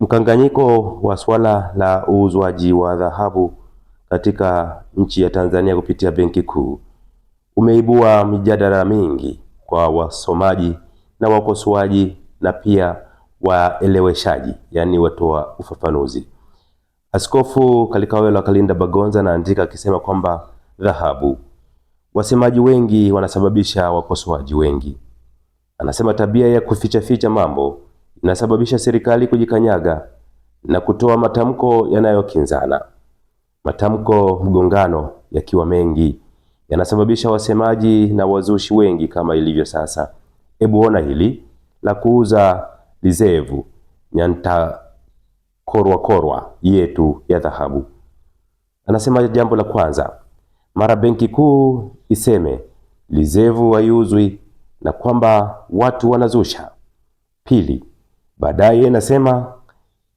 Mkanganyiko wa suala la uuzwaji wa dhahabu katika nchi ya Tanzania kupitia Benki Kuu umeibua mijadala mingi kwa wasomaji na wakosoaji na pia waeleweshaji, yaani watoa ufafanuzi. Askofu Kalikawe Kalinda Bagonza anaandika akisema kwamba dhahabu, wasemaji wengi wanasababisha wakosoaji wengi. Anasema tabia ya kufichaficha mambo inasababisha serikali kujikanyaga na kutoa matamko yanayokinzana. Matamko mgongano yakiwa mengi yanasababisha wasemaji na wazushi wengi kama ilivyo sasa. Hebu ona hili la kuuza lizevu korwa yetu ya dhahabu. Anasema jambo la kwanza, mara benki kuu iseme lizevu haiuzwi na kwamba watu wanazusha. Pili, baadaye inasema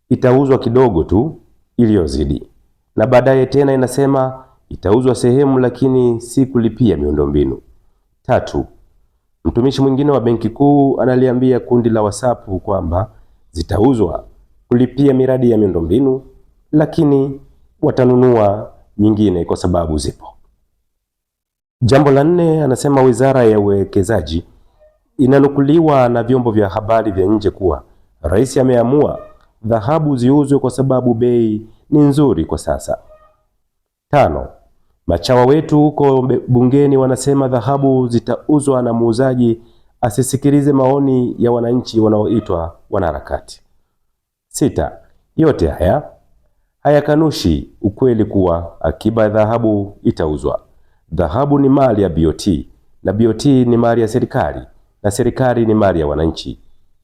itauzwa kidogo tu iliyozidi, na baadaye tena inasema itauzwa sehemu, lakini si kulipia miundombinu. Tatu, mtumishi mwingine wa benki kuu analiambia kundi la wasapu kwamba zitauzwa kulipia miradi ya miundombinu, lakini watanunua nyingine kwa sababu zipo. Jambo la nne, anasema wizara ya uwekezaji inanukuliwa na vyombo vya habari vya nje kuwa Rais ameamua dhahabu ziuzwe kwa sababu bei ni nzuri kwa sasa. Tano, machawa wetu huko bungeni wanasema dhahabu zitauzwa na muuzaji asisikilize maoni ya wananchi wanaoitwa wanaharakati. Sita, yote haya hayakanushi ukweli kuwa akiba ya dhahabu itauzwa. Dhahabu ni mali ya BOT na BOT ni mali ya serikali na serikali ni mali ya wananchi.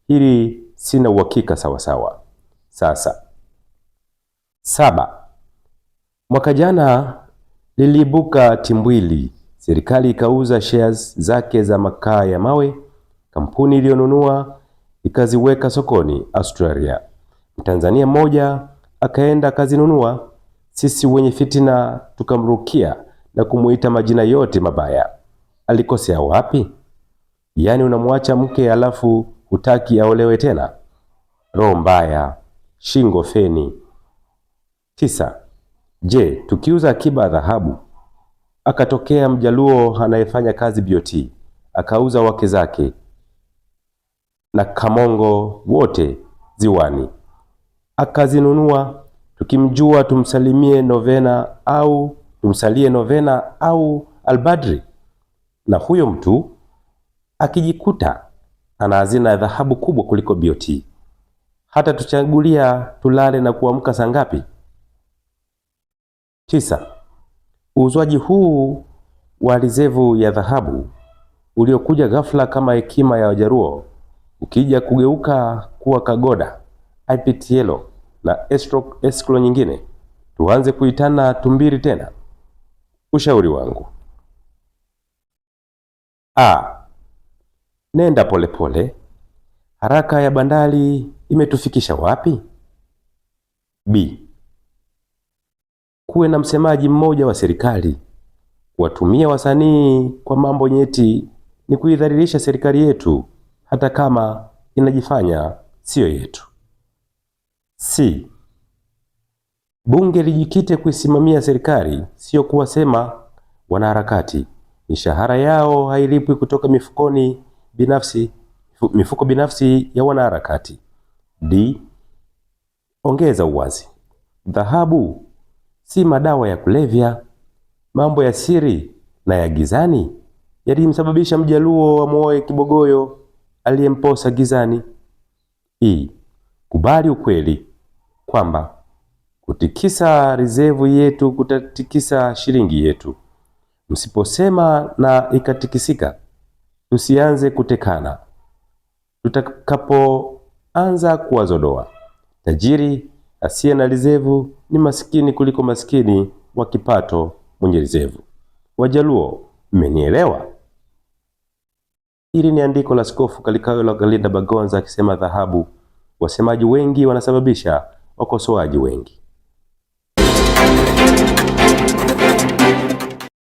Hili sina uhakika sawasawa. Sasa saba, mwaka jana liliibuka timbwili, serikali ikauza shares zake za makaa ya mawe, kampuni iliyonunua ikaziweka sokoni Australia. Mtanzania mmoja akaenda akazinunua, sisi wenye fitina tukamrukia na kumuita majina yote mabaya. Alikosea wapi? Yaani unamwacha mke alafu hutaki aolewe tena? Roho mbaya, shingo feni. Tisa. Je, tukiuza akiba ya dhahabu akatokea mjaluo anayefanya kazi BOT akauza wake zake na kamongo wote ziwani akazinunua, tukimjua tumsalimie novena au tumsalie novena au albadri, na huyo mtu akijikuta ana hazina ya dhahabu kubwa kuliko BOT. Hata tuchagulia tulale na kuamka saa ngapi? Tisa. Uuzwaji huu wa rizevu ya dhahabu uliokuja ghafla kama hekima ya Wajaruo ukija kugeuka kuwa Kagoda, IPTL na escrow nyingine, tuanze kuitana tumbiri tena. Ushauri wangu A. Nenda polepole pole. Haraka ya bandari imetufikisha wapi? B. Kuwe na msemaji mmoja wa serikali. Watumia wasanii kwa mambo nyeti ni kuidhalilisha serikali yetu, hata kama inajifanya siyo yetu. C. Bunge lijikite kuisimamia serikali, sio kuwasema wanaharakati. Mishahara yao hailipwi kutoka mifukoni binafsi, mifuko binafsi ya wanaharakati. D. Ongeza uwazi. Dhahabu si madawa ya kulevya. Mambo ya siri na ya gizani yalimsababisha mjaluo wa Moe Kibogoyo aliyemposa gizani. E. Kubali ukweli kwamba kutikisa rizevu yetu kutatikisa shilingi yetu. Msiposema na ikatikisika Tusianze kutekana. Tutakapoanza kuwazodoa, tajiri asiye na lizevu ni masikini kuliko masikini wa kipato mwenye lizevu. Wajaluo, mmenielewa? Hili ni andiko la Askofu la galinda Bagonza akisema dhahabu, wasemaji wengi wanasababisha wakosoaji wengi.